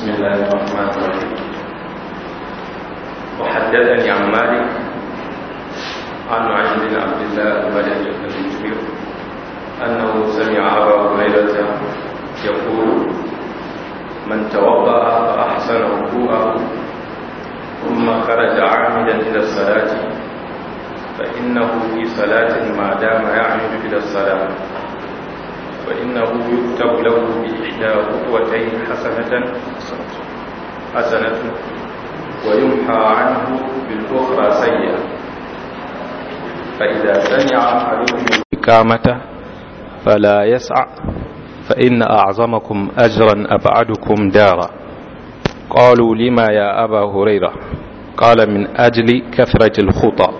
بسم الله الرحمن الرحيم وحدثني عن مالك عن الله بن عبد الله المدني بن جبير انه سمع ابا هريره يقول من توضا فاحسن وضوءه ثم خرج عامدا الى الصلاه فانه في صلاه ما دام يعمد الى الصلاه فإنه يكتب له بإحدى خطوتين حسنة حسنة ويمحى عنه بالأخرى سيئة فإذا سمع أحدهم الإكامة فلا يسع فإن أعظمكم أجرا أبعدكم دارا قالوا لما يا أبا هريرة قال من أجل كثرة الخطأ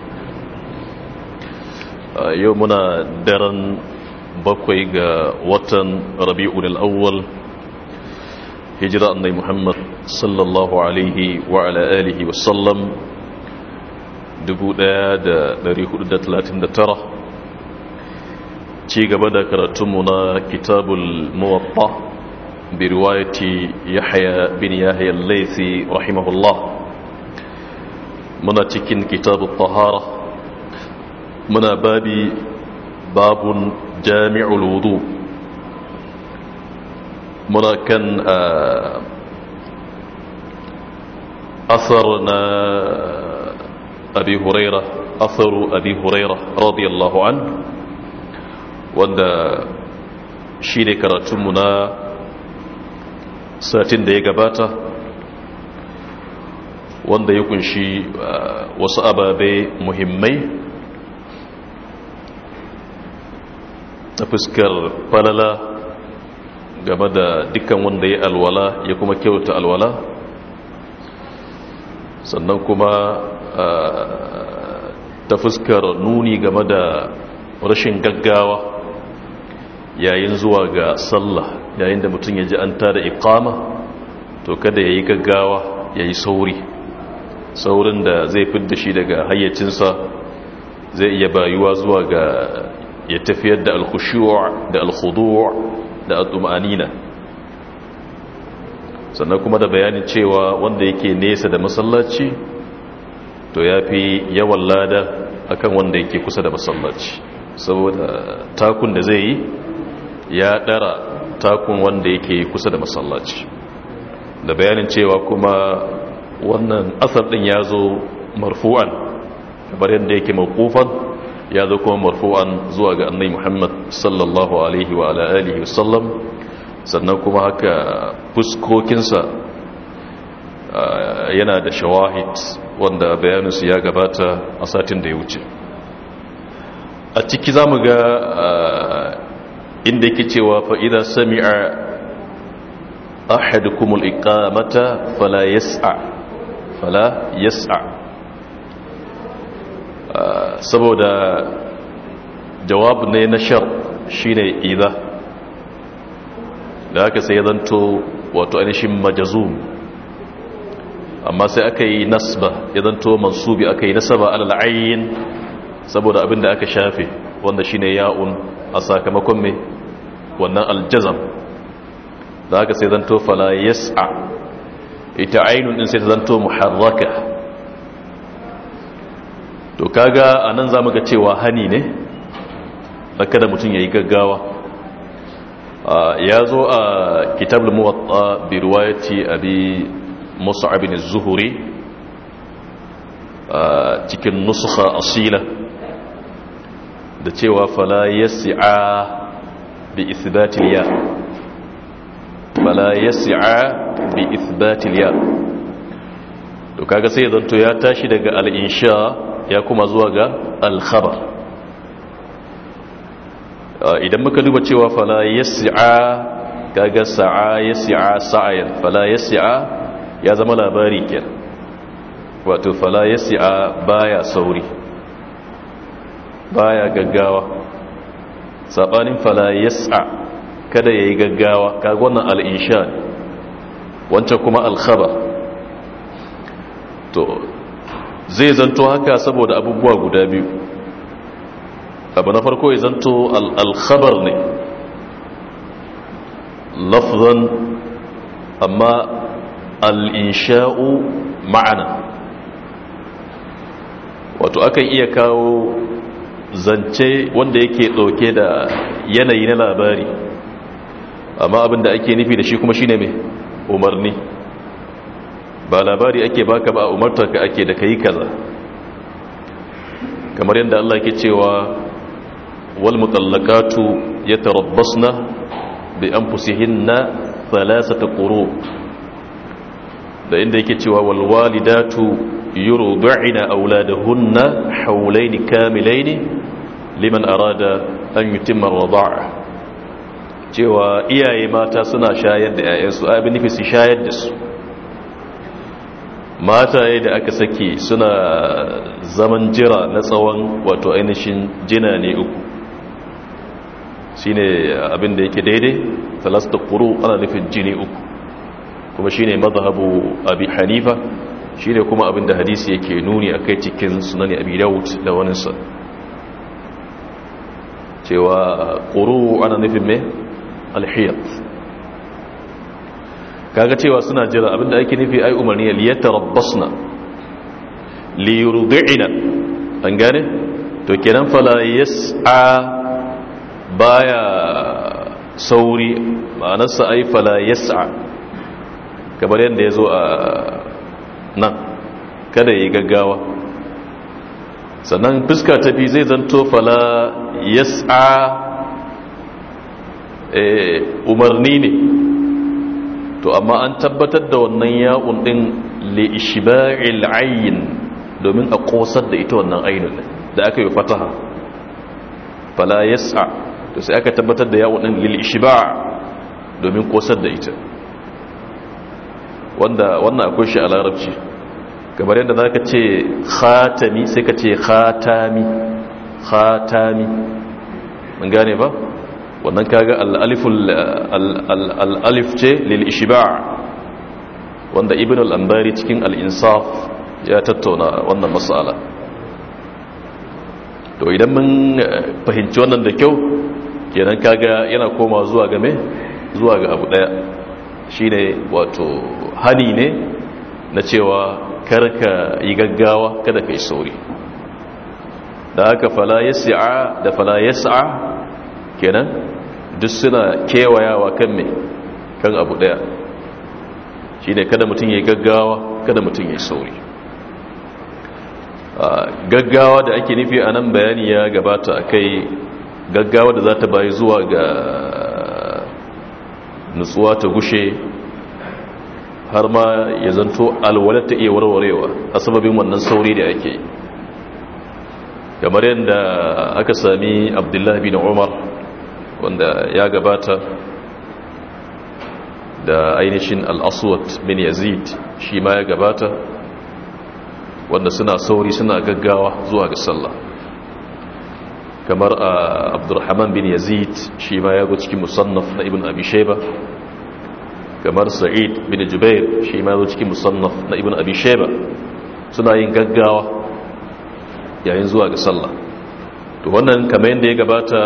yau muna daren bakwai ga watan rabi'ul al'awwal hijira annai muhammad sallallahu alaihi wa ala alihi wasallam 1439 ci gaba da karatunmu na kitabul muwatta bi riwayati yahya bin yahya al-laythi rahimahullah muna cikin kitabut tahara muna babi babun jami'ul wudu muna kan asar na abi huraira asaru abi huraira radiyallahu an wanda shi ne karatunmu na satin da ya gabata wanda ya kunshi wasu ababe muhimmai ta fuskar falala game da dukkan wanda ya alwala ya kuma kyauta alwala sannan kuma ta fuskar nuni game da rashin gaggawa yayin zuwa ga sallah yayin da mutum ya ji an tada ikama to kada ya yi gaggawa ya yi sauri saurin da zai fidda shi daga hayyacinsa zai iya bayuwa zuwa ga ya tafiyar da alkhushu' da alkhudu' da al'umanina sannan kuma da bayanin cewa wanda yake nesa da masallaci to ya fi yawan lada akan wanda yake kusa da masallaci saboda takun da zai yi ya ɗara takun wanda yake kusa da masallaci da bayanin cewa kuma wannan asar ɗin ya zo marfu'an kamar yadda yake maƙufan. ya zo kuma marfu'an zuwa ga annai muhammad sallallahu alaihi wa alihi wasallam sannan kuma haka fuskokinsa yana da shawahid wanda bayaninsu ya gabata a satin da ya wuce a ciki za mu ga inda yake cewa fa'ida sami'ar ahadukumul iqamata fala yas'a fala yas'a saboda jawab ne na shar shine iza da aka sai zanto wato ainihin majazum amma sai aka yi nasba ya zanto mansubi aka yi nasaba alal'ayyin saboda abin da aka shafe wanda shine ya'un a sakamakon mai wannan aljazam da haka sai zanto fala yas'a ita ainun din sai ta zanto muharraka to kaga anan nan za mu ga cewa hani ne na kada mutum ya yi gaggawa ya zo a kitab al-muwatta bi riwayati abi mus'ab bin zuhuri cikin nusukha asila da cewa fala yas'a bi ithbatil ya fala yas'a bi ithbatil ya to kaga sai zanto ya tashi daga al ya kuma zuwa ga alkhabar ah, idan muka duba cewa fala yas'a kaga sa'a yas'a sa'ayan fala yas'a ya zama labari kenan wato fala yasia baya sauri baya gaggawa sabanin fala yas'a kada yayi gaggawa kaga wannan al-insha wancan kuma al-khabar to zai zanto haka saboda abubuwa guda biyu abu na farko ya zanto al'alkhabar ne lafzan amma al'insha'u ma'ana wato akan iya kawo zance wanda yake ɗauke da yanayi na labari amma abinda ake nufi da shi kuma shine mai umarni ba labari ake baka ba umartar ka ake da kayi kaza kamar yadda Allah ke cewa wal ya yatarabbasna bi anfusihinna thalathata ƙuru da inda yake cewa wal walidatu yurdu'ina hunna hawlayn kamilaini liman arada an yutimma ar cewa iyaye mata suna shayar da 'ya'yansu abin nufi su shayar da su mataye da aka sake suna zaman jira na tsawon wato ainihin jina ne uku shine abin da yake daidai talasta kuru ana nufin jini uku kuma shine mazhabu abi hanifa shine kuma abinda da hadisi yake nuni akai cikin sunani abi daud da wani sa cewa kuru ana nufin me alhiyat kaga cewa suna jira abinda ake nufi ai umarni ya rabbasna li yurdi'na an gane to kenan fala yas'a baya sauri ma'anarsa ai fala yas'a kamar yadda yazo a nan kada yi gaggawa sannan fuska ta bi zai zanto fala yas'a eh, umarni ne to amma an tabbatar da wannan ya'un din li ishba'il ayn domin a kosar da ita wannan ainun da aka yi fataha fala yas'a to sai aka tabbatar da ya'un din lil ishba' domin kosar da ita wanda wannan akwai shi a larabci kamar yadda zaka ce khatami sai ka ce khatami khatami mun gane ba wannan kaga al'alif ce lil'ishiba wanda ibn al'ambari cikin al'insaf ya tattauna wannan matsala to idan mun eh, fahimci wannan da kyau kenan kaga yana koma zuwa game zuwa ga abu daya shine wato hani ne na cewa karka yi gaggawa kada ka yi sauri da haka fala yasi'a da fala yas'a kenan duk suna kewayawa kan mai kan abu daya shi ne kada mutum ya yi gaggawa kada mutum ya yi sauri ah, gaggawa da ake nufi a nan bayani ya gabata a kai gaggawa da za ta bayi zuwa ga nutsuwa ta gushe har ma ya zanto alwalar ta iya warwarewa a sababin wannan sauri da ake kamar yadda aka sami abdullahi bin umar wanda ya gabata da ainihin al'aswat bin yazid shi ma ya gabata wanda suna sauri suna gaggawa zuwa ga sallah kamar a ah, abdurrahman bin yazid shi ma ya go cikin musannaf na ibn abi kamar sa'id bin jubair shi ma ya cikin musannaf na ibn abi suna yin gaggawa yayin zuwa ga sallah to wannan kamar yadda ya gabata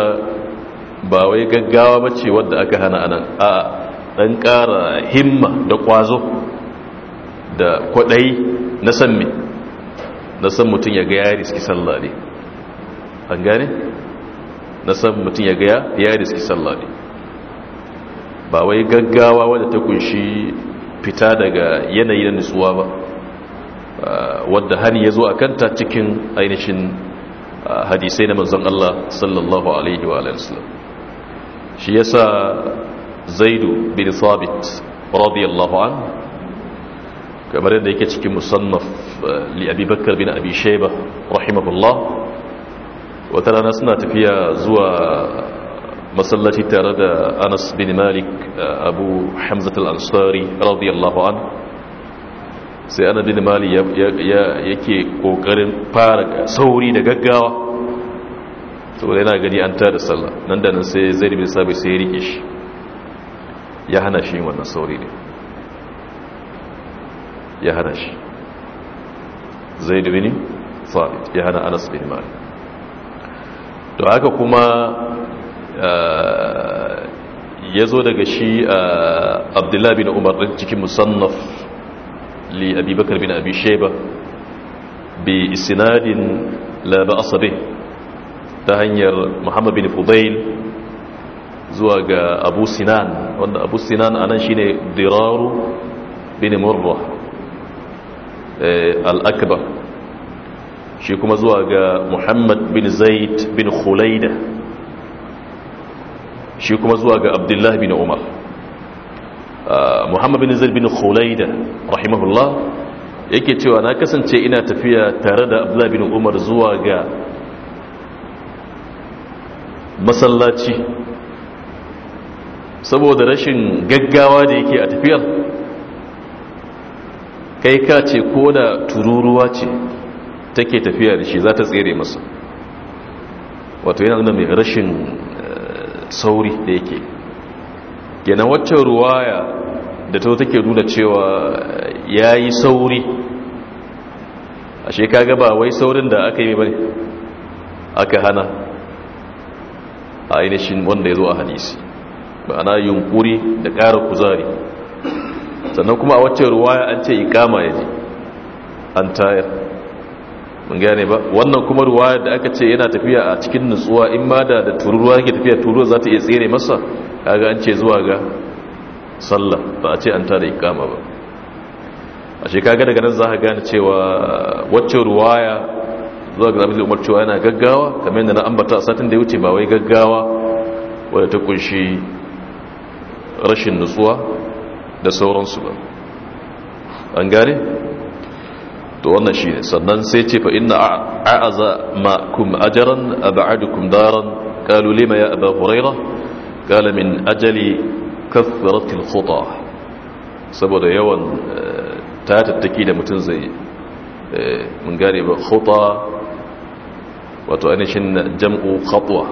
ba wai gaggawa ba ce wadda aka hana anan a ɗan ƙara himma da ƙwazo da kwaɗayi na san me na san mutum ya ga ya riski sallah ne an gane? na san mutum ya ga ya riski sallah ne ba wai gaggawa wadda ta kunshi fita daga yanayi na nutsuwa ba wadda hani ya zo a kanta cikin ainihin hadisai na manzon Allah sallallahu alaihi wa wasallam. shi yasa zaidu bin sabit radiyallahu an kamar yadda yake cikin musannaf eh, li abubakar bin abi shaiba rahimahullah wata rana suna tafiya zuwa masallaci tare da anas bin malik eh, abu hamzat al-ansari radiyallahu an sai Anas bin malik yake kokarin fara sauri da gaggawa saboda yana gani an tada sallah nan da nan sai zai bin sabi sai ya rike shi ya hana shi wannan sauri ne ya hana shi zai bin sabit ya hana anas bin malik to haka kuma eh, ya zo daga shi eh, abdullah bin umar cikin musannaf li bakar bin abi sheba bi isinadin la ba'asa ta hanyar muhammad bin fudail zuwa ga abu sinan wanda abu sinan a nan shi ne diraru bin murra eh, al'akbar shi kuma zuwa ga muhammad bin zaid bin khulaida shi kuma zuwa ga abdullahi bin umar ah, muhammad bin zaid bin khulaida rahimahullah yake cewa na kasance ina tafiya tare da abdullahi bin umar zuwa ga masallaci saboda rashin gaggawa da yake a tafiyar kai ka ce ko da tururuwa ce take tafiya da shi za ta tsere masa wato yana nuna mai rashin eh, sauri da yake yana waccan ruwaya da ta take nuna cewa eh, ya yi sauri a shekaga ba wai saurin da aka yi bane aka hana a ainihin wanda ya zo a hadisi ma'ana yunkuri da ƙara kuzari sannan kuma a wacce ruwaya an ce ikama ya ji an tayar mun gane ba wannan kuma ruwaya da aka ce yana tafiya a cikin nutsuwa in ma da da tururuwa yake tafiya tururuwa za ta iya tsere masa kaga an ce zuwa ga sallah ba a ce an tada ikama ba a shekaga daga nan za ka gane cewa wacce ruwaya zuwa ga zaɓi umar cewa yana gaggawa kamar yadda na ambata a satin da ya wuce ba wai gaggawa wadda ta kunshi rashin nutsuwa da sauransu ba an gane to wannan shi ne sannan sai ce fa inna a'aza ma kum ajaran aba'adukum daran qalu lima ya aba huraira qala min ajali kathratil khuta saboda yawan eh, ta tattaki da mutum zai eh, mun gane ba khuta wato ainihin jam'u khatwa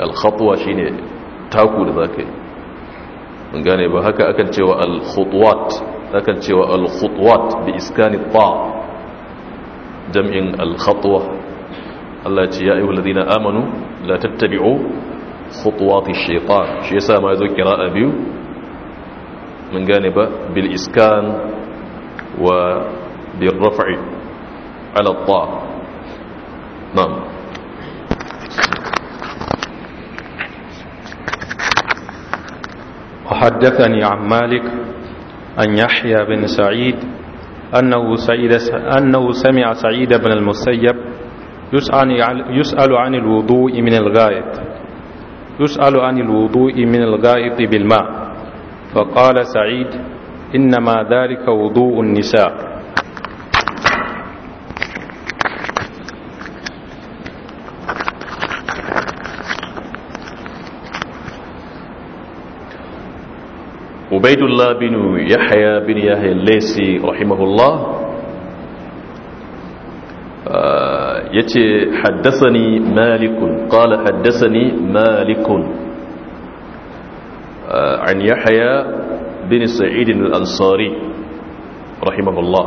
al-khatwa shine taku da zaka yi mun gane ba haka akan cewa al-khutwat akan cewa al-khutwat bi iskani ta jam'in al-khatwa Allah ce ya ayyuhal ladina amanu la tattabi'u khutuwati shaytan shi yasa ma yazo qira'a biyu mun gane ba bil iskan wa bil raf'i ala ta نعم وحدثني عن مالك أن يحيى بن سعيد أنه, سعيد أنه سمع سعيد بن المسيب يسأل عن الوضوء من الغائط يسأل عن الوضوء من الغائط بالماء فقال سعيد إنما ذلك وضوء النساء عبيد الله بن يحيى بن يحيى الليسي رحمه الله يتي حدثني مالك قال حدثني مالك آه، عن يحيى بن سعيد الأنصاري رحمه الله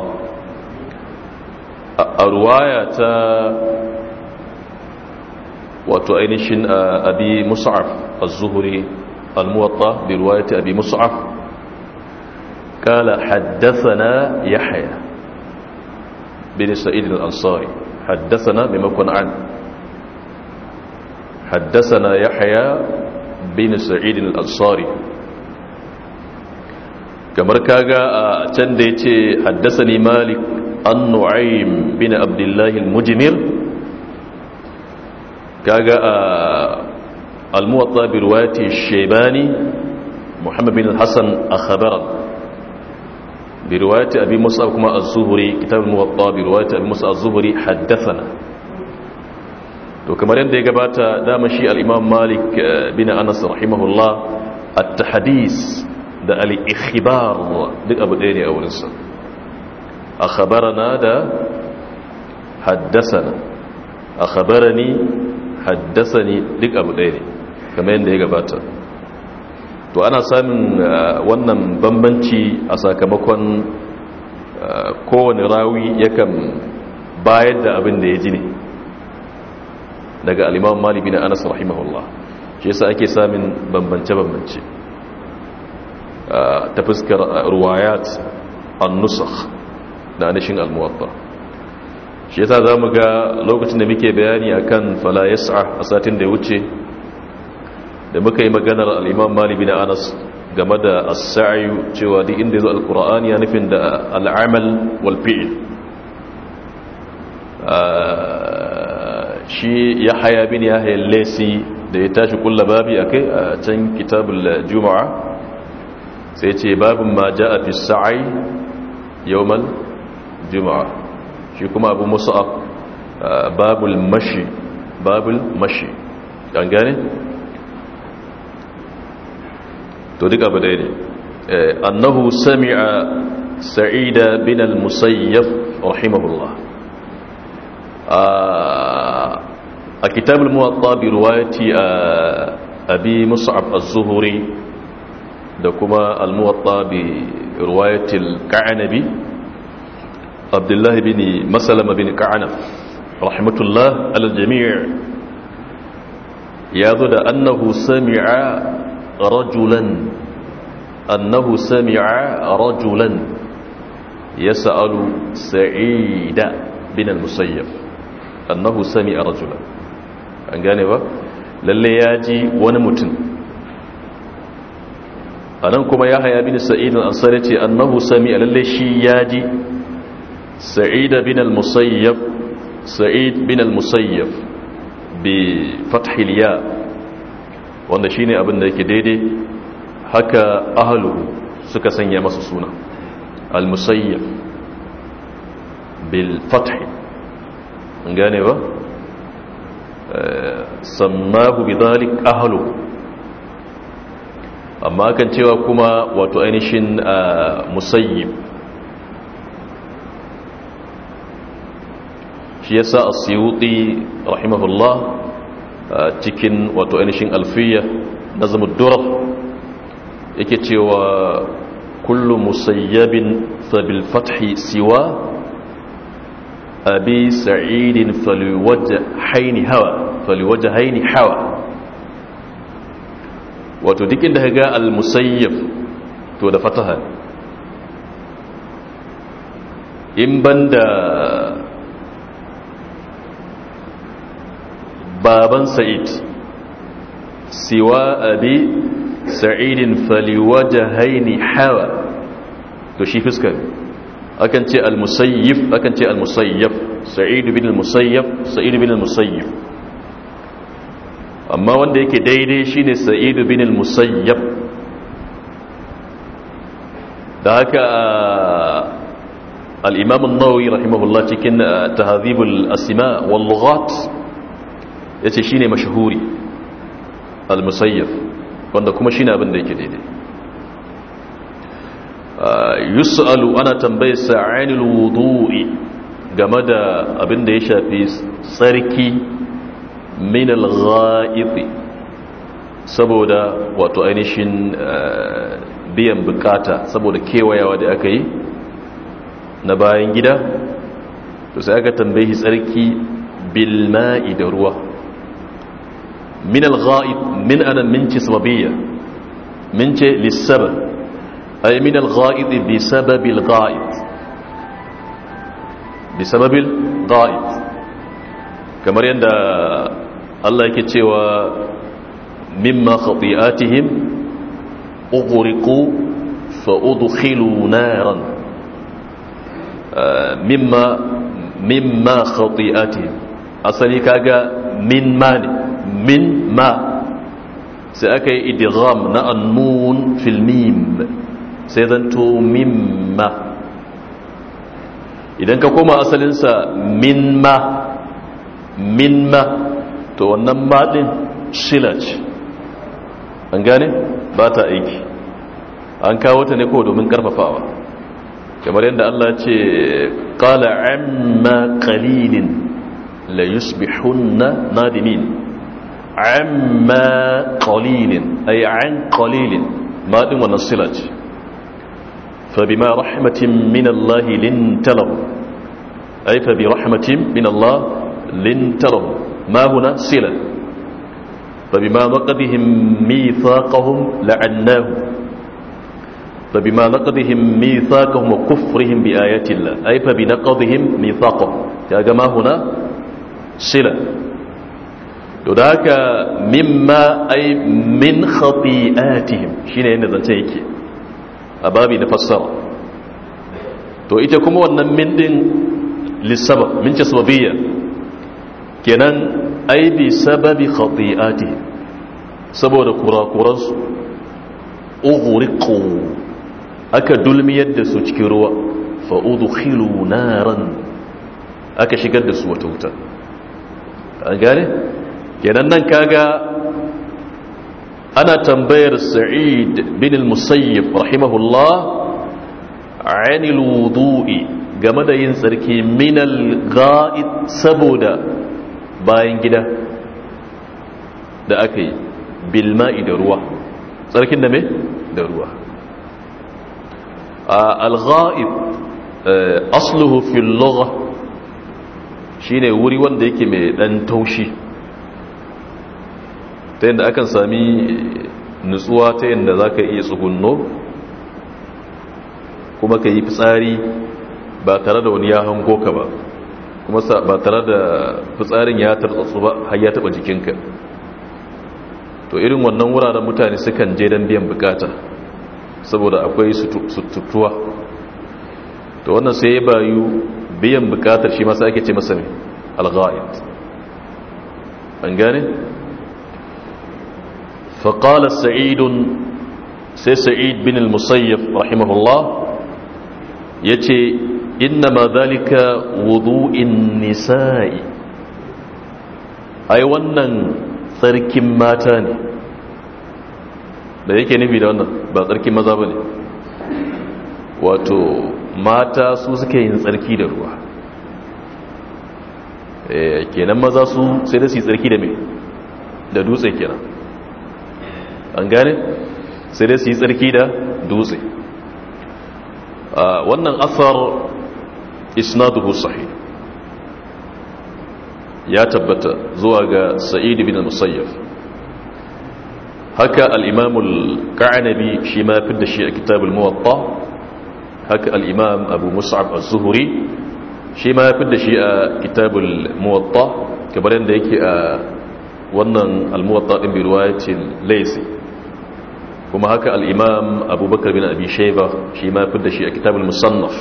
الرواية وتؤينش آه، أبي مصعب الزهري الموطة برواية أبي مصعب قال حدثنا يحيى بن سعيد الأنصاري حدثنا بمكن عن حدثنا يحيى بن سعيد الأنصاري كما ركاغا آه، تنديتي حدثني مالك النعيم بن عبد الله المجمر كاغا آه، المواطى برواية الشيباني محمد بن الحسن أخبرت bi riwayati abi musa kuma az-zuhri kitab al-muwatta bi riwayati musa az-zuhri haddathana to kamar yadda ya gabata dama shi al malik bin anas rahimahullah at-tahdis da al-ikhbar duk abu ɗaya ne a wurinsa akhbarana da haddasana akhbarani haddasani duk abu ɗaya ne kamar yadda ya gabata to ana samun eh, wannan bambanci a sakamakon eh, kowane rawi yakan bayar da abin da ya ji ne daga alimawan malibi na anas rahimahullah shi yasa ake samun bambance-bambance eh, ta fuskar ruwayat nusar. Na anishin almuwatta shi yasa za mu ga lokacin da muke bayani akan falayasa a satin da ya wuce da muka yi maganar al'imam malibi na anas game da as cewa duk inda yazo alqur'ani ya nufin da al'amal wal ah, shi ya haya bin ya haya lesi da ya tashi kulla babi kai a can kitabul juma'a sai ce babin ma ja'a fi sa'i yawmal juma'a shi kuma abu musa'ab ah, babul mashi babul mashi gangane to duk abu dai ne annahu sami'a sa'ida bin al-musayyab rahimahullah a kitab al-muwatta bi riwayati abi mus'ab az-zuhri da kuma al-muwatta bi riwayati al kanabi abdullah bin maslama bin ka'anab rahmatullah al-jami' ya zo da annahu sami'a رجلا أنه سمع رجلا يسأل سعيد بن المسيب أنه سمع رجلا أن أنقاني با للياجي ونمتن أنكم يا حيا بن سعيد أنصرتي أنه سمع للياجي سعيد بن المسيب سعيد بن المسيب بفتح الياء wanda shine abin da yake daidai haka Ahaluhu suka sanya masa suna al-musayyab bil fath gane ba eh, amma kan cewa kuma wato ainihin eh, musayyib shi yasa as rahimahullah cikin wato ainihin alfiya nazm ad yake cewa kullu musayyabin fa bil fathi siwa abi sa'idin falwajhaini hawa haini hawa wato dikin inda ka al-musayyab to da fataha in banda baban sa'id siwa abi sa'idin faliwaja haini hawa to shi fuskar akan ce al-musayyif akan ce al-musayyif sa'id bin al-musayyif sa'id bin al-musayyif amma wanda yake daidai shine sa'id bin al-musayyif da haka al-imam an-nawawi rahimahullah cikin tahdhib al asma wal lughat ya ce shi ne mashahuri al-musayyar wanda kuma shi ne abin da yake daidai ah, yus'alu ana tambaye sa'anil wudu'i game da abin da ya shafi tsarki min al ghaifi saboda wato ainihin ah, biyan bukata saboda kewayawa da aka yi na bayan gida to sai aka tambaye tsarki bilma'i da ruwa من الغائط من أنا منك سببية منك للسبب أي من الغائط بسبب الغائط بسبب الغائط كما يندى الله كتوى مما خطيئاتهم أغرقوا فأدخلوا نارا مما مما خطيئاتهم أصلي كاقا من مانك min ma sai aka yi idigham na annun fil sai zanto ma idan ka koma asalinsa min ma min ma to wannan maɗin shila ce an gane ba ta aiki an kawo ta ne ko domin karfafawa kamar yadda Allah ce qala amma qalilin la yusbihunna nadimin عما قليل أي عن قليل ما دون الصلة فبما رحمة من الله لنت لهم أي فبرحمة من الله لنت لهم ما هنا صلة فبما نقضهم ميثاقهم لعناهم فبما نقضهم ميثاقهم وكفرهم بآيات الله أي فبنقضهم ميثاقهم يا جماعة هنا صلة to da haka mimma ai min khati'atihim shine yanda zance yake a babi na fassara to ita kuma wannan min din lisabab min ce sababiyya kenan ai bi sababi khati'atihim saboda kurakuransu ughriqu aka dulmiyar da su cikin ruwa fa udkhilu naran aka shigar da su wata wuta an gane kenan nan kaga ana tambayar sa'id bin musayyaf musayyib rahimahullah anil wudu'i game da yin tsarki min al-ga'id saboda bayan gida da aka yi bilma'i da ruwa tsarkin da me da ruwa al-ga'id eh, asluhu fil lugha shine wuri wanda yake mai dan taushi ta yadda akan sami nutsuwa ta yadda za ka iya tsugunno kuma ka yi fitsari ba tare da wani ya hango ka ba kuma ba tare da fitsarin ya tartsatsu ba har ya taba jikinka to irin wannan wuraren mutane sukan je don biyan bukata saboda akwai sututtuwa to wannan sai ya bayu biyan bukatar shi masu ake ce masa al alghayat an gane فقال سعيد سي سعيد بن المصيف رحمه الله يتي إنما ذلك وضوء النساء أي ونن tsarkin mata ne da yake nufi da wannan ba tsarki maza ba ne wato mata su suke yin tsarki da ruwa kenan maza su sai da su yi tsarki da mai da dutse kenan an gane sai dai su yi tsarki da dutse wannan asar isnaduhu sahi ya tabbata zuwa ga sa'id bin musayyaf haka al-imam al shi ma da shi a kitab al-muwatta haka al’imam abu musaab az al-zuhuri shi ma da shi a kitab al-muwatta kamar yadda yake a wannan al-muwatta din ya ce laisi kuma haka al'imam abubakar bin abi shaiba shi ma fi da shi a kitabul musannaf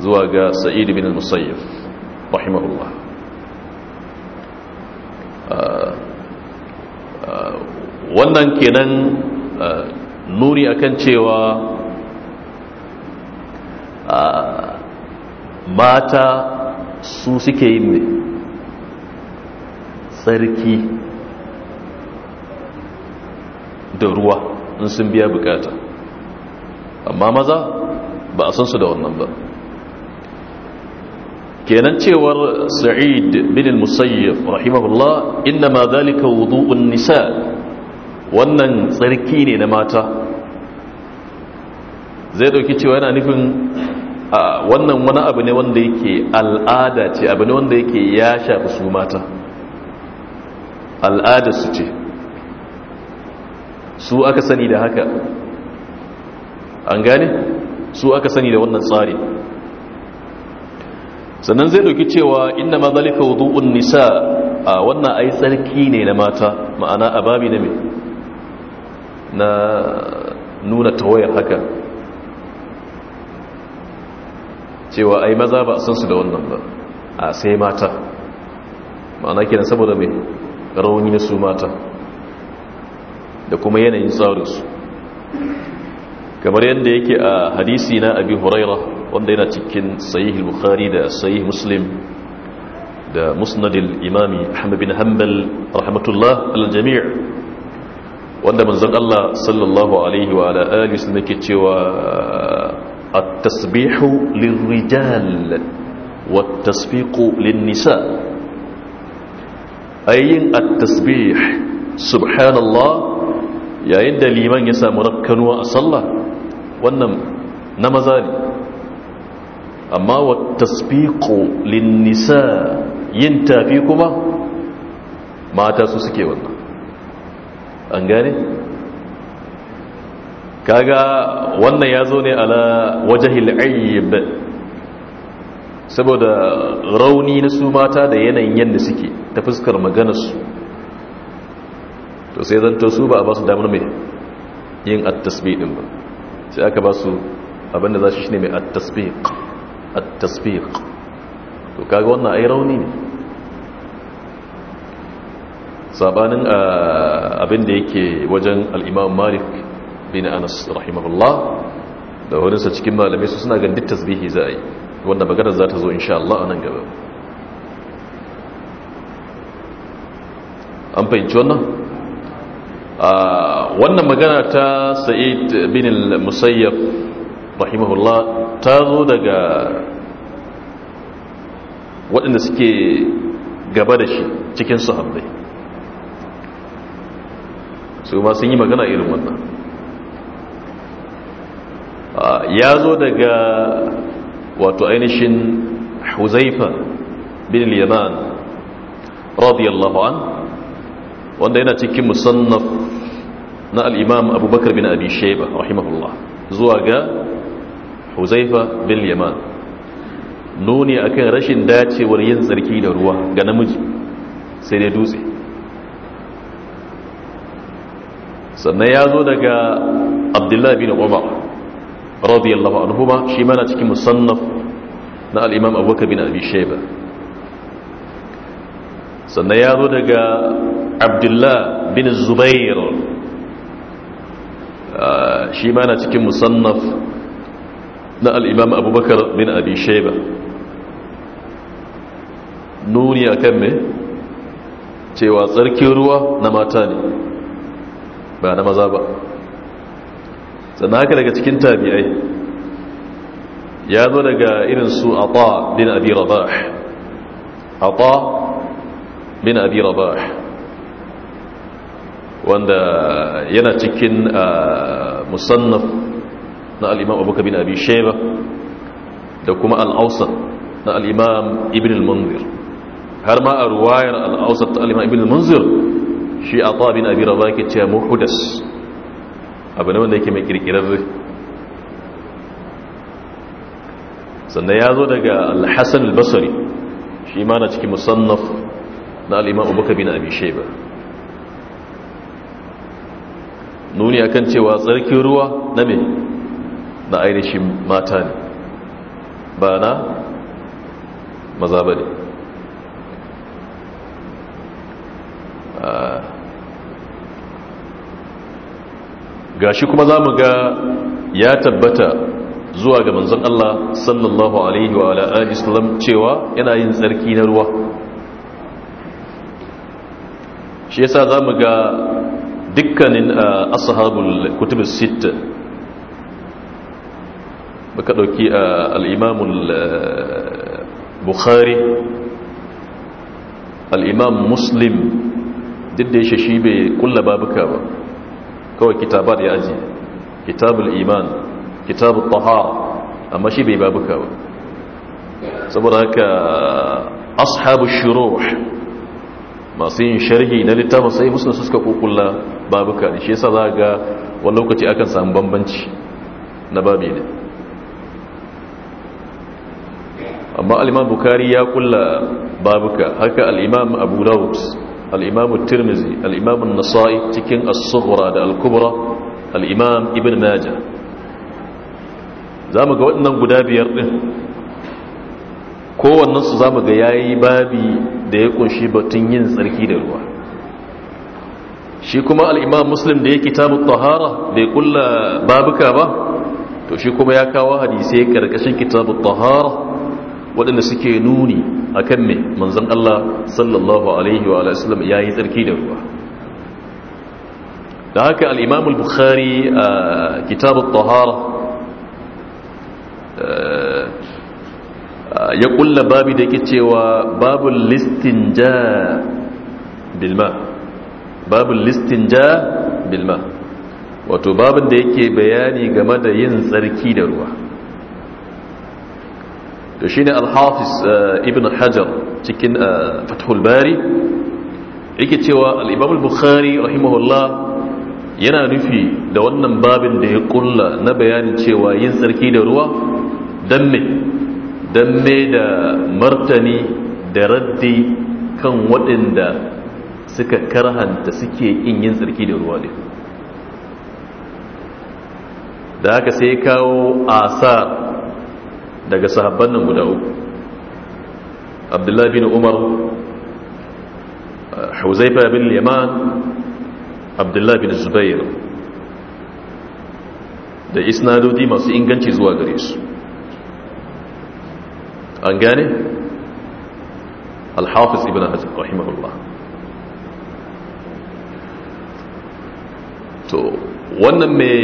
zuwa ga sa'id bin musayyaf rahimahullah uh, uh, wannan kenan uh, nuni akan cewa mata su suke yin sarki. da ruwa in sun biya bukata amma maza ba a san su da wannan ba kenan cewar sa'id bin musayyif rahimahullah inna ma zalika wudu'un nisa wannan tsarki ne na mata zai dauki cewa yana nufin wannan wani abu ne wanda yake al'ada ce abu ne wanda yake ya shafi su mata al'ada su ce su aka sani da haka an gane su aka sani da wannan tsari sannan zai dauki cewa inna ma zalika wudu'un nisa a wannan ai tsarki ne na mata ma'ana ababi na me na nuna tawayar haka cewa ai maza ba a san su da wannan ba a sai mata ma'ana kenan saboda mai rauni na su mata da kuma yanayin tsarinsu kamar yadda yake a hadisi na abi huraira wanda yana cikin sahih bukhari da sahih muslim da musnadil imami ahmad bin hanbal rahmatullah al-jami' wanda manzon Allah sallallahu alaihi wa ala alihi wasallam yake cewa at-tasbihu lirrijal wat-tasfiqu lin-nisa ayyin at-tasbih subhanallah yayin da liman ya samu rakkanuwa a sallah wannan na maza ne amma wa tasbiqu lin yin tafi kuma mata su suke wannan an gane kaga wannan ya zo ne ala wajahil ayyib saboda rauni na su mata da yanayin yadda suke ta fuskar maganar su to sai zanto su ba a ba su damar mai yin at din ba sai aka ba su abinda za su ne mai at-tasbih to kaga wannan ai rauni ne sabanin ah, abinda yake wajen al Malik bin Anas rahimahullah da wurinsa cikin malamai su suna gandun tasbihi za a yi wanda maganar za ta zo insha Allah a nan gaba an fahimci wannan wannan magana ta sa'id bin musayyab rahimahullah ta zo daga waɗanda suke gaba da shi cikin sahabbai su ma sun yi magana irin wannan ya zo daga wato ainihin huzaifa bin yaman radiyallahu an wanda yana cikin musannaf na al'imam abubakar bin abi sheba rahimahullah zuwa ga huzaifa bin yaman nuni akan rashin dacewar yin tsarki da ruwa ga namiji sai dai dutse sannan ya zo daga abdullah bin umar radiyallahu anhu ma shi mana cikin musannaf na al'imam abubakar bin abi sheba sannan ya zo daga abdullah bin zubair shi ma na cikin musannaf na al'imam abubakar bin abi sheba nuni a kan mai cewa tsarkin ruwa na mata ne ba na maza ba sannan haka daga cikin tabi'ai ya zo daga irin su ata bin abi rabah ata bin abi rabah wanda yana cikin uh, musannaf na al'imam abu kabin abi sheba da kuma al'ausar na al'imam ibn al-munzir har ma a ruwayar al'ausar ta al'imam ibn al-munzir shi a tabin abi raba ke ce muhudas abu ne wanda yake mai kirkirar. sannan ya zo daga al-hassan al-basari shi ma na cikin musannaf na al'imam abu kabin abi sheba nuni akan cewa tsarkin ruwa na me na ainihin mata ne ba na maza ba ne ah. Ga shi kuma za mu ga ya tabbata zuwa ga manzan Allah sallallahu alaihi wa ala'aji islam cewa yana yin tsarki na ruwa shi yasa za mu ga dukkanin ashabul kutub sitt baka dauki al-imam al bukhari al-imam muslim didde da shi be kullu babuka ba kawai kitabat ya aji kitabul iman kitabut tahar amma shi be babuka ba saboda haka ashabul shuruh masu yin sharhi na littafin sai musu suka kukulla babuka da shi yasa za ga wani lokaci akan samu bambanci na babi ne amma al'imam bukari ya kulla babuka haka al'imam abu daud al'imam tirmizi al'imam nasa'i cikin as da al-kubra al'imam ibn majah za mu ga waɗannan guda biyar ɗin kowannensu za mu ga ya yi babi da ya kunshi batun yin tsarki da ruwa shi kuma al'imam muslim da ya kitabu tahara bai kulla babuka ba to shi kuma ya kawo hadisai karkashin kitabu tahara waɗanda suke nuni a kan mai manzan Allah sallallahu Alaihi wa sallam ya yi tsarki da ruwa da haka al'imam al-bukhari a kitabu tahara eh, ya kulla babi da yake cewa babul listinja bilma babul listinja bilma wato babin da yake bayani game da yin tsarki da ruwa to shi ne alhafis eh, ibn hajar cikin eh, fathul bari yake cewa al bukhari rahimahullah yana nufi da wannan babin da ya kulla na bayanin cewa yin tsarki da ruwa dan mai. don mai da martani da raddi kan waɗanda suka karhanta suke in yin tsarki da ruwa ne da haka sai kawo asa daga sahabban nan guda uku abdullahi bin umar huzaifa bin liman abdullahi bin zubair da isnadodi masu inganci zuwa gare su an gane alhafiz ibn hazm rahimahullah to wannan mai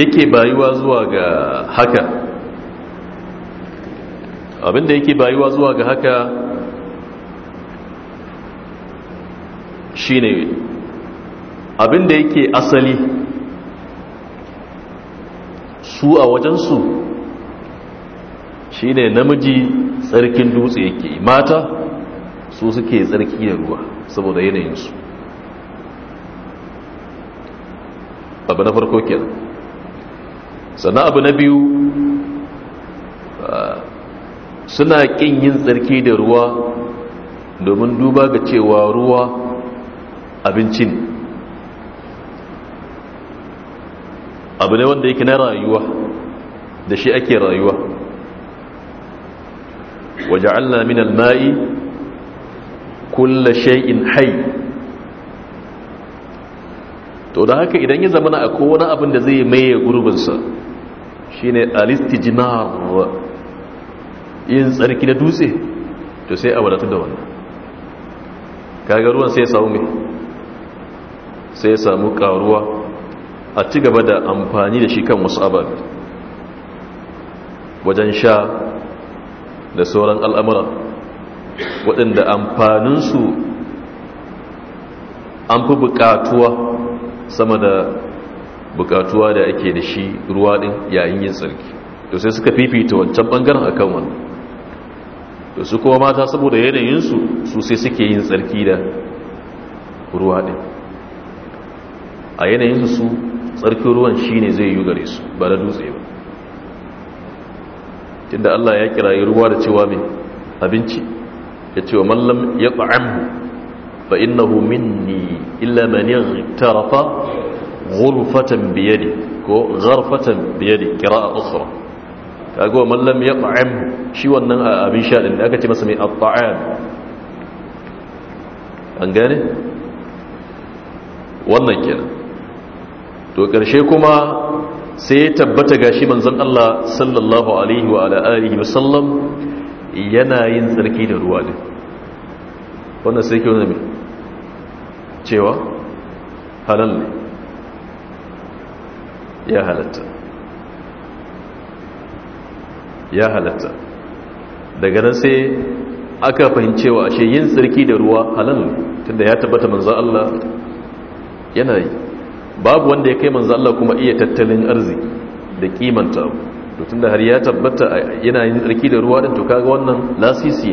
yake bayuwa zuwa ga haka abinda yake bayuwa zuwa ga haka shine abinda yake asali su a wajensu shine namiji tsarkin dutse yake yi mata su suke tsarki da ruwa saboda yanayinsu abu na farko kenan sannan abu na biyu suna ƙin yin tsarki da ruwa domin duba ga cewa ruwa abincin. abu ne wanda yake na rayuwa da shi ake rayuwa وجعلنا من الماء كل kulla حي to da haka idan ya zamana akwai wani abin da zai maye gurbinsa shine al-istijmar yin tsarki na dutse to sai a wadatu da wannan kaga ruwan sai ya samu mai sai ya samu karuwa a cigaba da amfani da shi kan wasu ababe wajen sha da sauran al'amuran waɗanda amfaninsu an fi buƙatuwa sama da buƙatuwa da ake da shi ruwa ɗin yayin yin tsarki to sai suka fifita wancan ɓangaren akan wani to su kuma mata saboda yanayinsu su sai suke yin tsarki da ruwa ɗin a yanayinsu su tsarkin ruwan shine zai yi gare su ba da dutse ba tunda Allah ya yi ruwa da cewa mai abinci ya ce wa mallam ya ta'amhu fa innahu minni illa man ta rafa bi yadi ko gharfatan bi kira a ukhra kaga wa mallam ya mu shi wannan abin sha ɗin da aka ce masa mai at an gane wannan kenan to karshe kuma sai ya tabbata gashi manzon Allah sallallahu alaihi wa alihi wa sallam yana yin tsarki da ruwa din wannan sai ke wani mai cewa halal ne ya halatta ya halatta daga nan sai aka fahimcewa ashe yin tsarki da ruwa halal ne tunda ya tabbata manzon Allah yana yi babu wanda ya kai manzo Allah kuma iya tattalin arzi da kimanta abu to tunda har ya tabbata yana yin tsarki da ruwa din to kaga wannan lasisi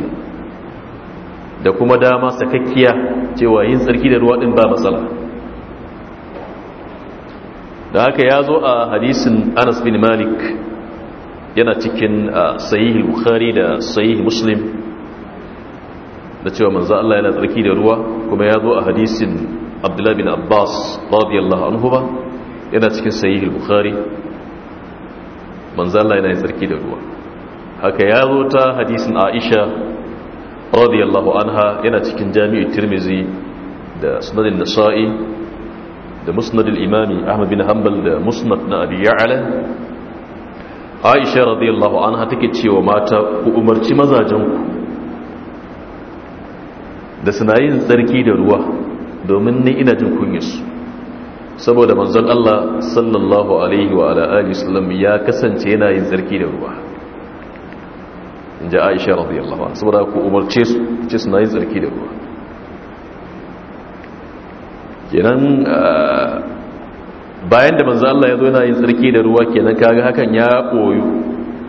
da kuma dama sakakkiya cewa yin tsarki da ruwa din ba matsala da haka ya zo a hadisin Anas bin Malik yana cikin sahih Bukhari da sahih Muslim da cewa manzo Allah yana tsarki da ruwa kuma ya zo a hadisin abdullahi bin abbas radiyallahu anhu ba yana cikin sayi bukhari manzala yana tsarki da ruwa haka ya zo ta hadisin aisha radiyallahu anha yana cikin Jami'in tirmizi da sunadin nasa'i da musnadin imami ahmad bin hanbal da musnad na abi ya'ala aisha radiyallahu anha take cewa mata ku umarci mazajenku da suna yin tsarki da ruwa domin ni ina jin kunyarsu saboda manzon Allah sallallahu alaihi wa ala alihi sallam ya kasance yana yin zarki da ruwa inja Aisha radiyallahu anha saboda ku umarce su ce suna yin zarki da ruwa kenan ah, bayan da manzon Allah ya zo yana yin zarki da ruwa kenan kaga hakan ya koyu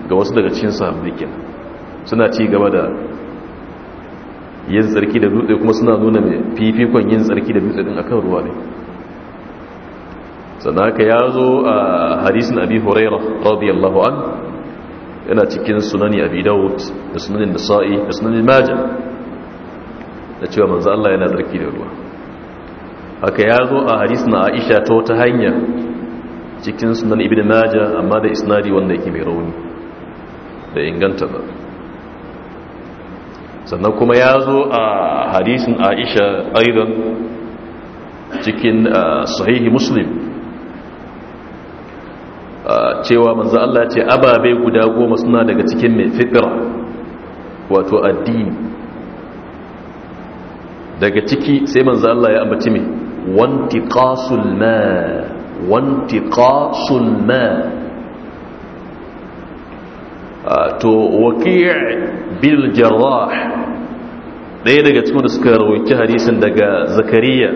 ga wasu daga cikin sahabbai kenan suna ci gaba da yin tsarki da dutse kuma suna nuna mai fifikon yin tsarki da dutse din akan ruwa ne sannan haka ya zo a hadisin abi huraira radiyallahu an yana cikin sunani abi dawud da sunanin nasa'i da sunanin majal da cewa manzo Allah yana tsarki da ruwa haka ya zo a hadisin aisha ta wata hanya cikin sunan ibn majah amma da isnadi wanda yake mai rauni da inganta ba sannan kuma ya zo a hadisin aisha aidan cikin uh, sahihi muslim uh, cewa manzo Allah ce ababe guda goma suna daga cikin mai fitira wato addini daga ciki sai manzo Allah ya ambaci mai wantiqasul ma wantiqasul ma to waki' bil jarrah ɗaya daga cikin da suka rawaita hadisin daga zakariya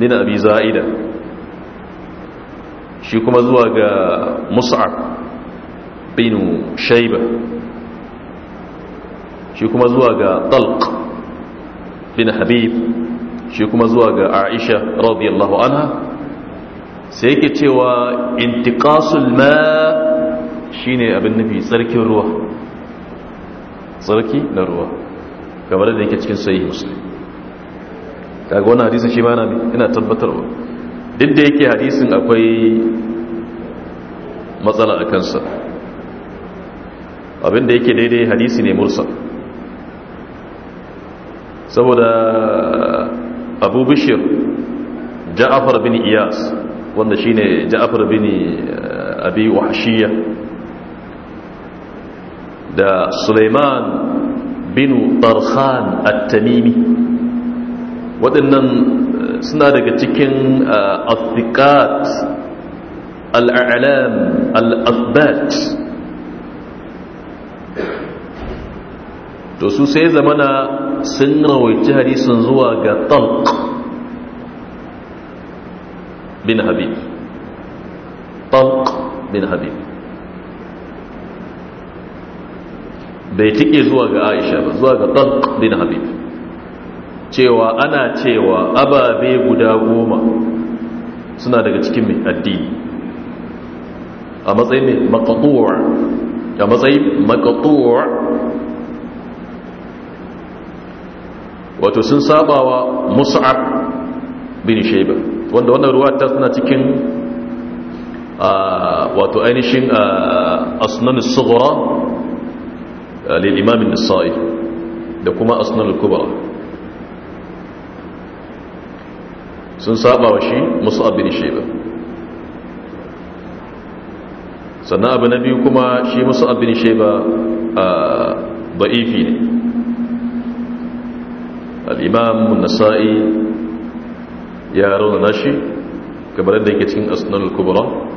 bin abi za'ida shi kuma zuwa ga mus'ab bin shaiba shi kuma zuwa ga talq bin habib shi kuma zuwa ga aisha radiyallahu anha sai yake cewa intiqasul ma' Shi ne abin nufi tsarkin ruwa tsarki na ruwa kamar da yake cikin sayi muslim kaga wani hadisin shi ma na ina tabbatarwa duk da yake hadisin akwai matsala a kansa abin da yake daidai hadisi ne mursa saboda abu bishir ja'afar bin iyas wanda shi shine ja'afar bin eh, abi wahashiyya da suleiman bin tarhan at-tamimi waɗannan suna daga cikin afikat al'alam al'afbat to su sai zamana sun rawaici hadisin zuwa ga talq bin habib talq bin habib bai tike zuwa ga aisha ba zuwa ga talq bin habib cewa ana cewa ababe guda goma suna daga cikin mai addini a matsayin mai makatuwa a matsayin makatuwa wato sun sabawa mus'ab bin shaiba wanda wannan ruwa ta suna cikin ah, wato ainihin ah, asnan sughra lil imam nasai da kuma asnan al-kubra sun saba wa shi mus'ab bin shayba sannan abu na biyu kuma shi mus'ab sheba a da'ifi ne Alimamin imam an-nasa'i ya rawana shi kamar da yake cikin asnan kubra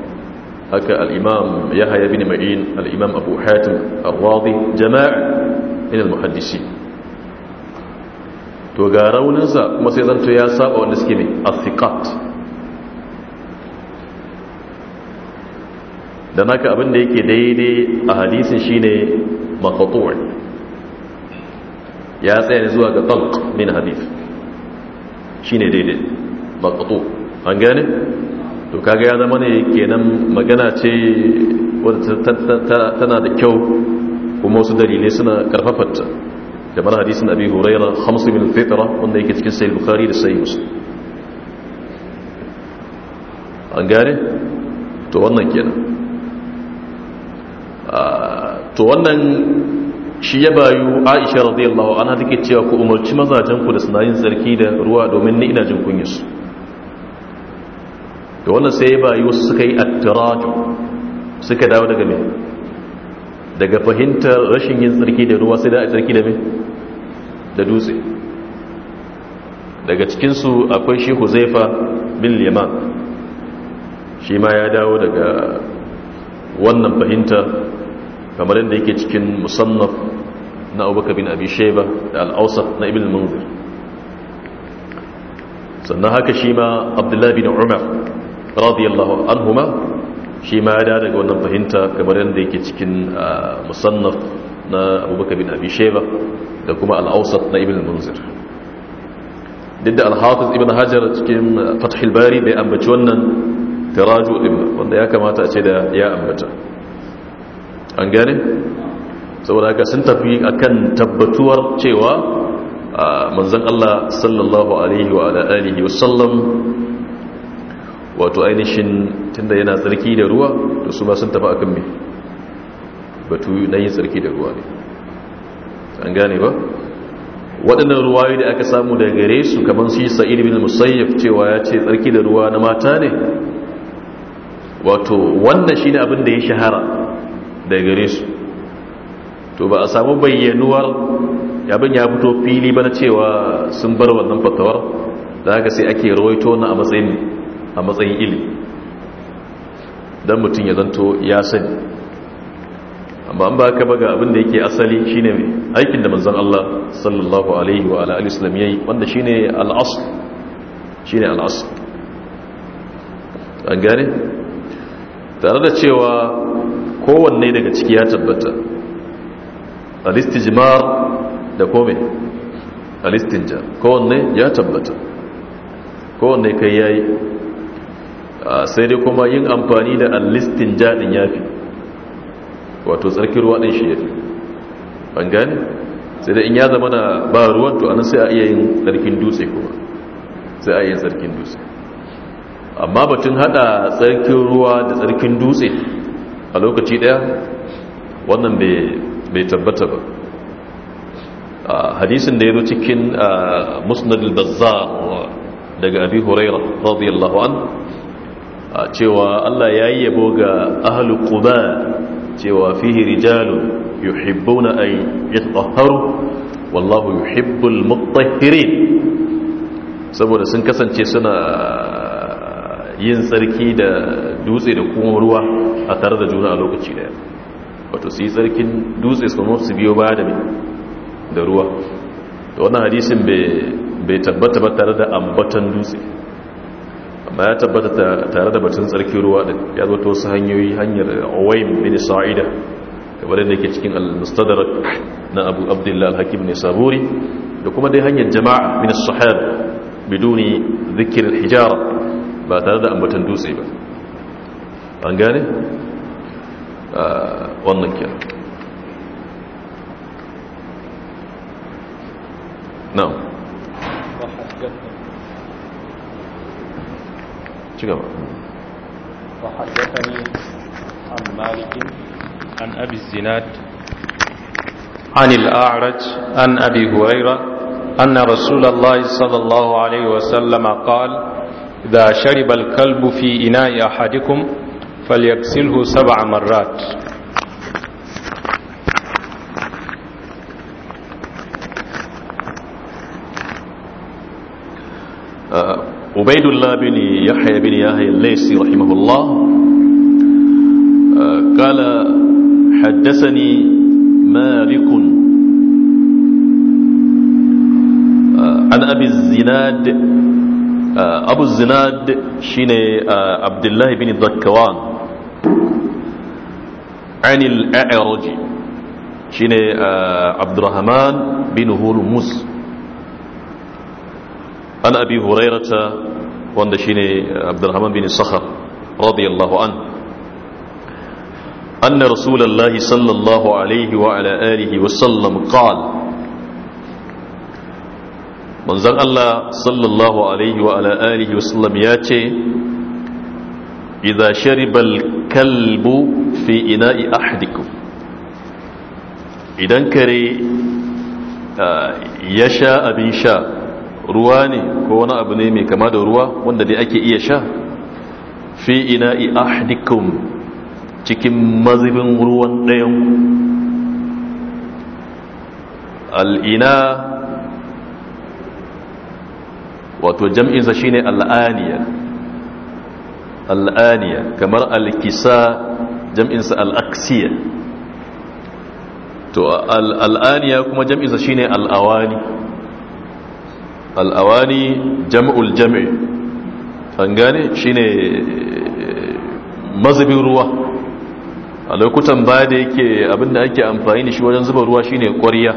haka al'imam ya haya bin ma'in al'imam abu hatim al-wadi jama'a inal muhaddisi to ga rauninsa kuma sai zanto ya saba wanda suke ne athiqat dan haka abin da yake daidai a hadisin shine maqtu' ya tsaya ne zuwa ga talq min hadith shine daidai maqtu' an gane to kaga ya zama ne kenan magana ce wadda tana da kyau kuma wasu dalilai suna karfafarta kamar hadisin abi huraira khamsu min fitra wanda yake cikin sahih bukhari da sahih muslim an gane to wannan kenan ah, to wannan shi ya bayu aisha radiyallahu anha take cewa ku umarci mazajen ku da sunayin sarki da ruwa domin ni ina jin kunyarsu Da wannan sai bayi wasu suka yi attiraju suka dawo daga mai daga fahimtar rashin yin tsarki da ruwa sai da a tsarki da mai da dutse daga cikinsu akwai shi huzaifa bin liman shi ma ya dawo daga wannan fahimta kamar yadda yake cikin musannaf na abubakar bin abi sheba da al'ausaf na ibn munzir sannan haka shi ma abdullahi bin umar radiyallahu anhuma shi ma ya daga wannan fahimta kamar yadda yake cikin ah, musannaf na abubakar bin abi sheba da kuma al'ausat na ibn munzir duk da alhafiz ibn hajar cikin fathil bari bai ambaci wannan tiraju din wanda ya kamata a ce da ya ambata an gane saboda haka sun tafi kan tabbatuwar cewa ah, manzan Allah sallallahu alaihi wa alihi wasallam wato ainihin tunda yana tsarki da ruwa to su ba sun tafi akan me batu na yin tsarki da ruwa ne an gane ba waɗannan ruwayoyi da aka samu daga gare su kamar shi sa'id bin musayyaf cewa ya ce tsarki da ruwa na mata ne wato wannan shine abin da ya shahara daga gare su to ba a samu bayyanuwar abin ya fito fili ba na cewa sun bar wannan fatawar da haka sai ake rawaito na a matsayin a matsayin ilimi don mutum ya zanto ya sani amma an ba ka baga abinda yake asali shi ne aikin da manzan Allah sallallahu alaihi wa ala ya yi wanda shine shi ne al'asr an gane tare da cewa kowanne daga ciki ya tabbata alistijimar da kome alistinja kowanne ya tabbata kowanne kai ya yi. Ah, sai dai kuma yin amfani da allistin jaɗin ya fi wato tsarkin ruwa ɗin shi ya fi ban gani sai dai in ya zama na ba ruwan to anan sai a iya yin tsarkin dutse kuma sai a iya yin tsarkin dutse amma batun haɗa tsarkin ruwa da tsarkin dutse a lokaci ɗaya wannan bai tabbata ba ah, hadisin da ya zo cikin ah, musnad al-bazzar daga abi hurairah radiyallahu anhu cewa Allah ya yi yabo ga ahalu quba cewa fihi rijalun yuhibbuna an yatahharu wallahu yuhibbul mutahhirin saboda sun kasance suna yin tsarki da dutse da kuma ruwa a tare da juna a lokaci daya wato su yi tsarkin dutse su su biyo ba da da ruwa da wannan hadisin bai tabbata ba tare da ambatan dutse ba ya tabbata tare da batun tsarki ruwa da ya zo ta wasu hanyoyi hanyar owai bin sa'ida kamar da ke cikin al-mustadrak na abu abdullahi al-hakim ne saburi da kuma dai hanyar jama'a min sahab biduni dhikr hijara ba tare da ambatan dutse ba an gane ah, wannan kenan na'am شكرا وحدثني عن مالك عن أبي الزناد عن الأعرج عن أبي هريرة أن رسول الله صلى الله عليه وسلم قال إذا شرب الكلب في إناء أحدكم فليغسله سبع مرات عبيد الله بن يحيى بن يحيى الليسي رحمه الله آه، قال حدثني مالك آه، عن أبي الزناد آه، أبو الزناد شيني عبد الله بن الذكوان عن الأعرج شيني عبد الرحمن بن هرمز an abi hurairata wanda shine abdurrahman bin sakhar radiyallahu an anna rasulullahi sallallahu alaihi wa ala alihi wa sallam qala manzon Allah sallallahu alaihi wa ala alihi wa sallam ya ce idza sharibal kalbu fi ina'i ahadikum idan kare ya sha abin sha ruwa ne ko wani abu ne mai kama da ruwa wanda dai ake iya sha fi ina ahdikum cikin mazibin ruwan ɗayan al'ina wato jam'insa shine al'aniya al'aniya kamar alkisa jam'insa al'aksiya to al'aniya kuma jam'insa shine al'awani al'awani jam'ul jam'i an gane shi ne mazubin ruwa a lokutan ba da yake abinda ake amfani da shi wajen zuba ruwa shi ne ƙwariya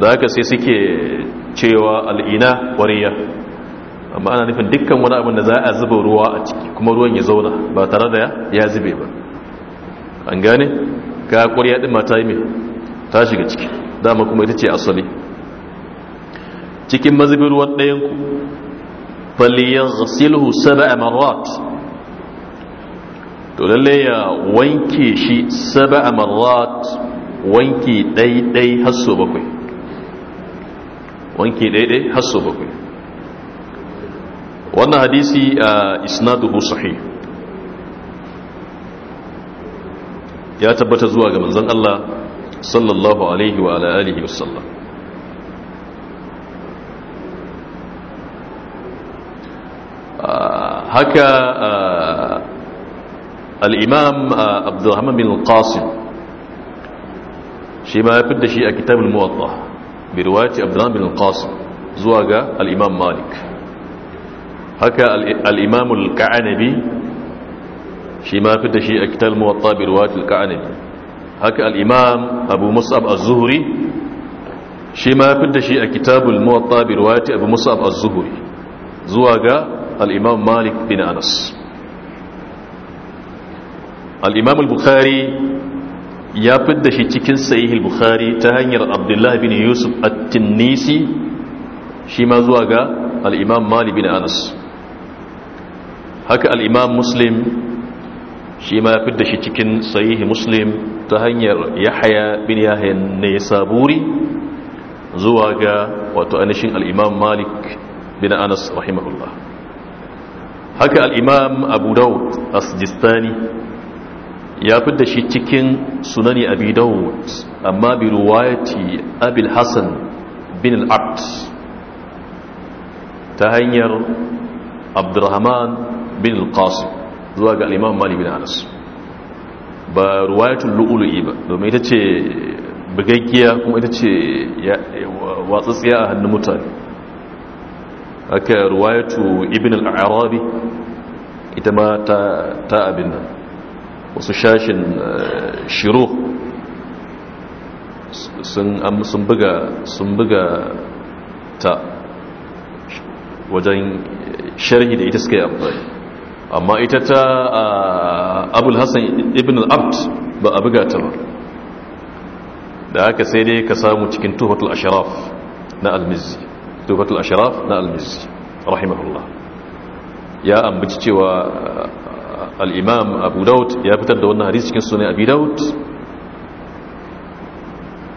da haka sai suke cewa al'ina ƙwariya amma ana nufin dukkan wani abin da za a zuba ruwa a ciki kuma ruwan ya zauna ba tare da ya zube ba an gane ga ƙwariya ɗin mata yi mai ta shiga ciki dama kuma ita ce asali cikin mazubin ruwan ɗayan ku faliyar zasilhu saba marat to lalle ya wanke shi saba marat wanki ɗaiɗai hasso bakwai wanki ɗaiɗai hasso bakwai wannan hadisi a isnaduhu sahih ya tabbata zuwa ga manzon Allah sallallahu alaihi wa alihi wasallam هكا آه، الإمام آه، عبد الرحمن بن القاسم شيما يبدأ شيء كتاب الموضة برواية عبد الرحمن بن القاسم زواج الإمام مالك هكا الإمام الكعنبي شيما يبدأ شيء كتاب الموضة برواية الكعنبي هكا الإمام أبو مصعب الزهري شيما يبدأ شيء كتاب الموضة برواية أبو مصعب الزهري زواج al'imam malik bin anas al'imam al ya fidda shi cikin sahih al ta hanyar Abdullahi bin yusuf at-tinnisi shi ma zuwa ga al'imam malik bin anas haka al'imam muslim shi ma fidda shi cikin sahih muslim ta hanyar yahaya bin yahya ne saburi zuwa ga wato anishin al'imam malik bin anas rahimahullah haka al'imam abu daud a ya fi da shi cikin sunani abu daud amma bi ruwayati abil hassan bin al'abd ta hanyar abdurrahman bin al zuwa ga al'imam mali bin anas ba ruwayatun lu'ulu'i ba domin ita ce bugaggiya kuma ita ce watsatsiya a hannun mutane aka ruwayatu ibn al-arabi ita ma ta abin nan wasu shashin eh, shiro sun buga sun buga ta wajen sharhi da ita suka yi amfani amma ita ta eh, abul hassan ibn al-abd ba a buga ta ba da haka sai dai ka samu cikin tuhatul ashraf na al-mizzi tufatul ashraf na al-mizzi rahimahullah ya ambaci cewa al-imam abu daud ya fitar da wannan hadisi cikin sunan abi daud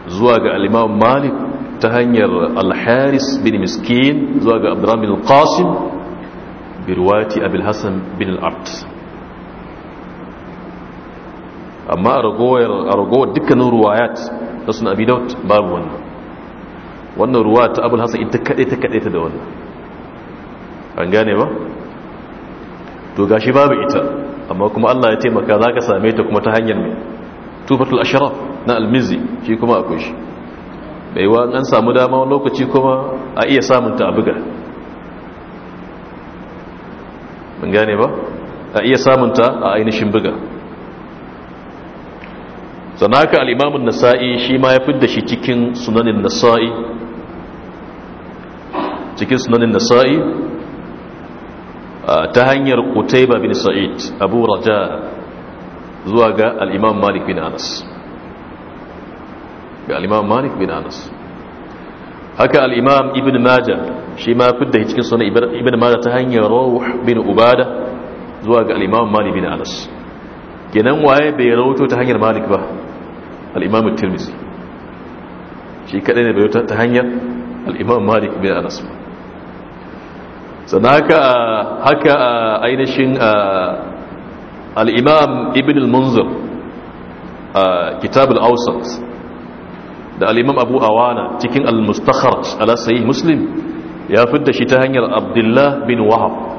zuwa ga al-imam malik ta hanyar al-haris bin miskin zuwa ga abdurrahman al-qasim bi riwayati abul hasan bin al-abd amma a ragowar dukkanin ruwayat da sunan abi daud babu wannan wannan ruwa ta abul hasan ita kaɗai ta kaɗai ta da wannan an gane ba to gashi babu ita amma kuma Allah ya taimaka za ka same ta kuma ta hanyar mai tufatul ashraf na almizi shi kuma akwai shi bai wa an samu dama wani lokaci kuma a iya samun ta a buga mun gane ba a iya samun ta a ainihin buga sanaka al'imamun nasa'i shi ma ya fidda shi cikin sunanin nasa'i cikin sunanin nasa'i ah, ta hanyar kutaiba bin sa'id abu raja zuwa ga al'imam malik bin anas ga al'imam malik bin anas haka al'imam ibn maja shi ma fidda cikin sunan ibn maja ta hanyar rawuh bin ubada zuwa ga al'imam malik bin anas kenan waye bai rawuto ta hanyar malik ba al'imamu tirmisi shi kaɗai ne bai ta hanyar al'imamu malik bin anas ba sannan haka a ainihin al'imam ibn al-munzir a kitab al-ausat da al'imam abu awana cikin al-mustakharj ala sayi muslim ya da shi ta hanyar abdullah bin wahab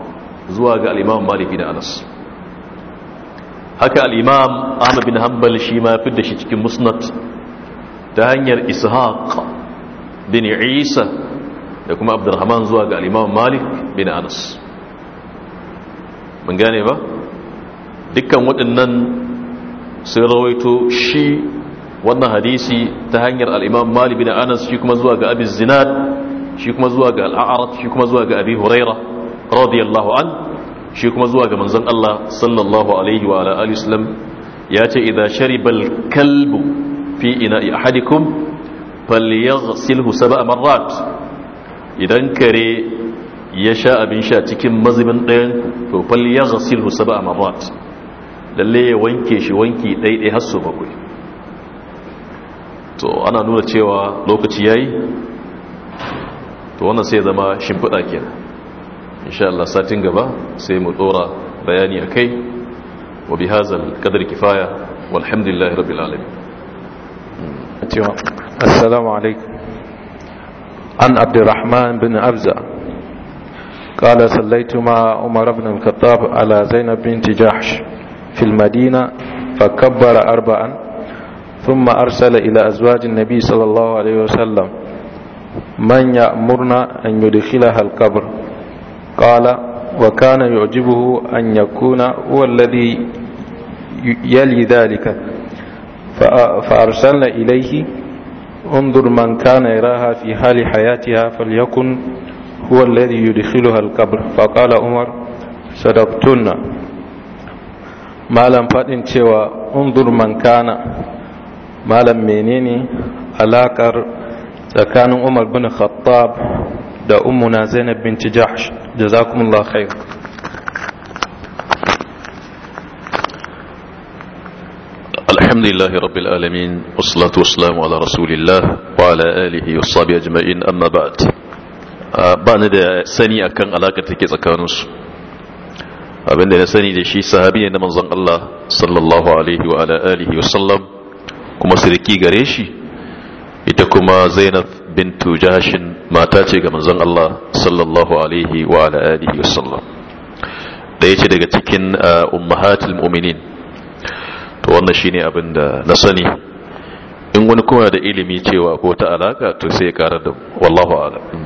zuwa ga al'imam malik bin anas haka al'imam ahmad bin hanbal shi ma fi da shi cikin musnat ta hanyar ishaq bin isa da kuma abdurrahman zuwa ga al'imam malik bin anas mun gane ba dukkan waɗannan sun rawaito shi wannan hadisi ta hanyar al'imam malik bin anas shi kuma zuwa ga abin zinad shi kuma zuwa ga al'arat shi kuma zuwa ga abi huraira radiyallahu an shi kuma zuwa ga manzon Allah sallallahu alaihi wa ala alihi wasallam ya ce idza sharibal kalbu fi ina'i ahadikum falyaghsilhu sab'a marrat idan kare ya sha abin sha cikin mazibin ɗayan to falyaghsilhu sab'a marrat lalle ya wanke shi wanki ɗaiɗai har so bakwai to ana nuna cewa lokaci yayi to wannan sai zama shimfiɗa kenan إن شاء الله ساتنقبا سيم الأورى بياني أكي وبهذا القدر كفاية والحمد لله رب العالمين السلام عليكم عن عبد الرحمن بن أبزع قال صليت مع عمر بن الخطاب على زينب بنت جحش في المدينة فكبر أربعا ثم أرسل إلى أزواج النبي صلى الله عليه وسلم من يأمرنا أن يدخلها القبر قال وكان يعجبه أن يكون هو الذي يلي ذلك فأرسلنا إليه انظر من كان يراها في حال حياتها فليكن هو الذي يدخلها القبر فقال عمر صدقتن malam faɗin cewa undur man kana malam menene alakar كان عمر بن الخطاب أمنا زينب بنت جحش جزاكم الله خير الحمد لله رب العالمين والصلاة والسلام على رسول الله وعلى آله وصحبه أجمعين أما بعد بعد ذلك سني أكن علاقة كيسا كانوس بعد ذلك سني ذلك صحابي أن منظم الله صلى الله عليه وعلى آله وسلم كما سيدكي غريشي إتكما زينب bintu jashin mata ce ga manzon Allah sallallahu alaihi wa ala alihi wasallam da yace daga cikin uh, ummahatul mu'minin to wannan shine abin da na sani in wani kuma da ilimi cewa ko ta alaka to sai ya karar da wallahu a'lam hmm.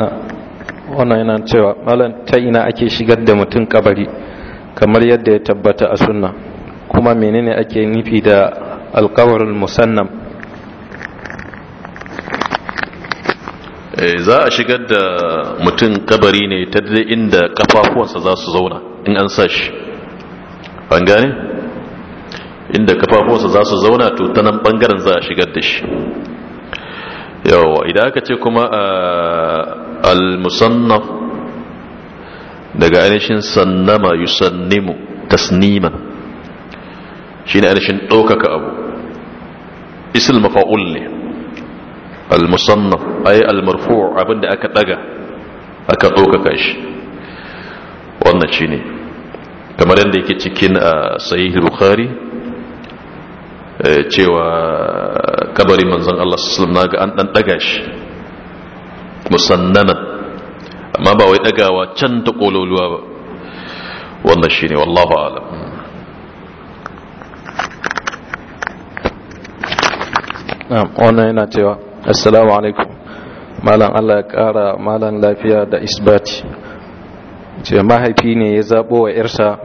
ah, wannan yana cewa malam ta ina ake shigar da mutum kabari kamar yadda ya tabbata a sunna kuma menene ake nufi da Alƙawar musannam eh, za a shigar da mutum kabari ne ta dai inda kafafuwansa za su zauna in an sa shi an gane inda kafafuwansa za su zauna to ta nan bangaren za a shigar da shi yawa idan aka ce kuma eh, al-musannaf daga ainihin sannama yusannimu tasniman shi ne ainihin ɗaukaka abu isil mafa'ul ne al-musannaf ay al-marfu' abinda aka daga aka dokaka shi wannan shine kamar yadda yake cikin sahih bukhari cewa kabarin manzon Allah sallallahu alaihi wasallam an dan daga shi musannana amma ba wai dagawa can ta kololuwa ba wannan shine wallahu a'lam wannan yana cewa assalamu alaikum malam Allah ya kara malam lafiya da isbati ce mahaifi ne ya zaɓo wa yarsa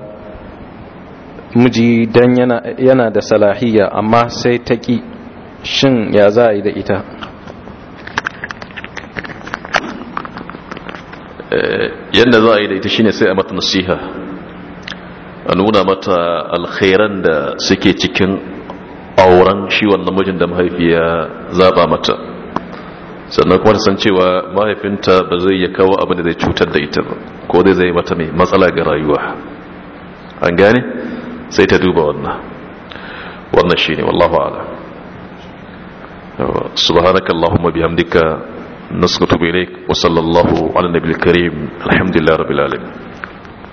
miji dan yana da salahiyya amma sai ta ƙi shin ya za a yi da ita eh, yadda za a yi da ita shine sai a mata nasiha a nuna mata alkhairan da suke cikin auren shi wannan mijin da mahaifiya zaba mata sannan kuma ta san cewa mahaifinta ba zai ya kawo abin da zai cutar da ita ba ko zai zai mata mai matsala ga rayuwa an gane sai ta duba wannan wannan shi ne wallahu ala subhanaka allahumma bihamdika nasqutu bilayk wa sallallahu ala nabiyil karim alhamdulillahi rabbil alamin